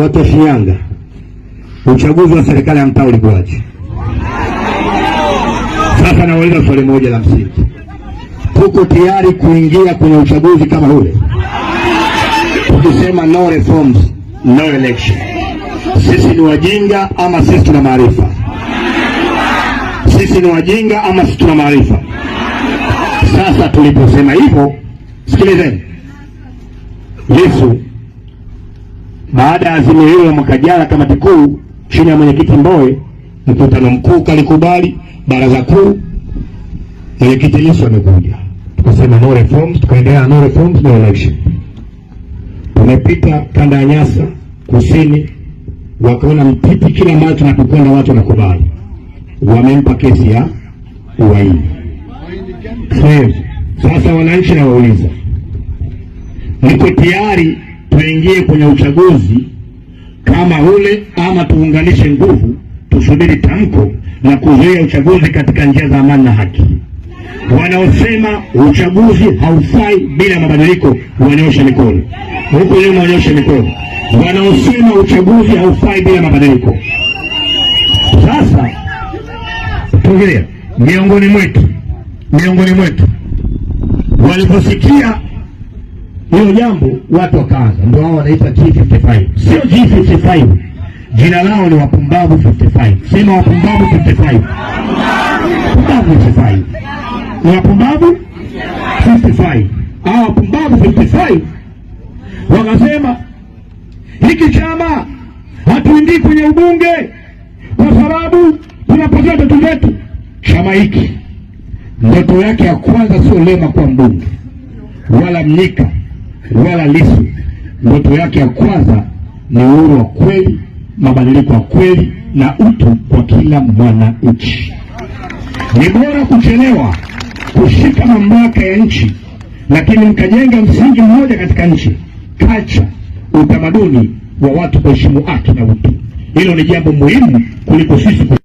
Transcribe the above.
wa shinyanga uchaguzi wa serikali ya mtaa ulikuwaje? Sasa nawauliza swali moja la msingi, tuko tayari kuingia kwenye uchaguzi kama ule? Tukisema no reforms, no election, sisi ni wajinga ama sisi tuna maarifa? Sisi ni wajinga ama sisi tuna maarifa? Sasa tuliposema hivyo, sikilizeni Yesu baada ya azimio hilo mwaka jana, kamati kuu chini ya mwenyekiti Mbowe, mkutano mkuu kalikubali, baraza kuu, mwenyekiti Lissu amekuja, tukasema no reforms, tukaendelea no reforms no election. Tumepita kanda ya Nyasa kusini, wakaona mtiti kila mara tunapokwenda watu wanakubali, wamempa kesi ya uhaini. Sasa wananchi nawauliza, niko tayari tuingie kwenye uchaguzi kama ule ama tuunganishe nguvu, tusubiri tamko la kuzuia uchaguzi katika njia za amani na haki. Wanaosema uchaguzi haufai bila mabadiliko wanyoshe mikono, huku nyuma wanyoshe mikono. Wanaosema uchaguzi haufai bila mabadiliko. Sasa tuongelea miongoni mwetu, miongoni mwetu waliposikia hilo jambo watu wakaanza, ndio hao wanaita G55. Sio G55, jina lao ni wapumbavu 55. Sema wapumbavu 55, wapumbavu 55, ni wapumbavu 55. Hao wapumbavu 55 wakasema hiki chama hatuingii kwenye ubunge kwa sababu tunapokea ndoto zetu. Chama hiki ndoto yake ya kwanza sio Lema kuwa mbunge wala Mnyika wala Lissu, ndoto yake ya kwanza ni uhuru wa kweli, mabadiliko ya kweli na utu kwa kila mwananchi. Ni bora kuchelewa kushika mamlaka ya nchi, lakini mkajenga msingi mmoja katika nchi, kacha utamaduni wa watu kuheshimu haki na utu. Hilo ni jambo muhimu kuliko sisi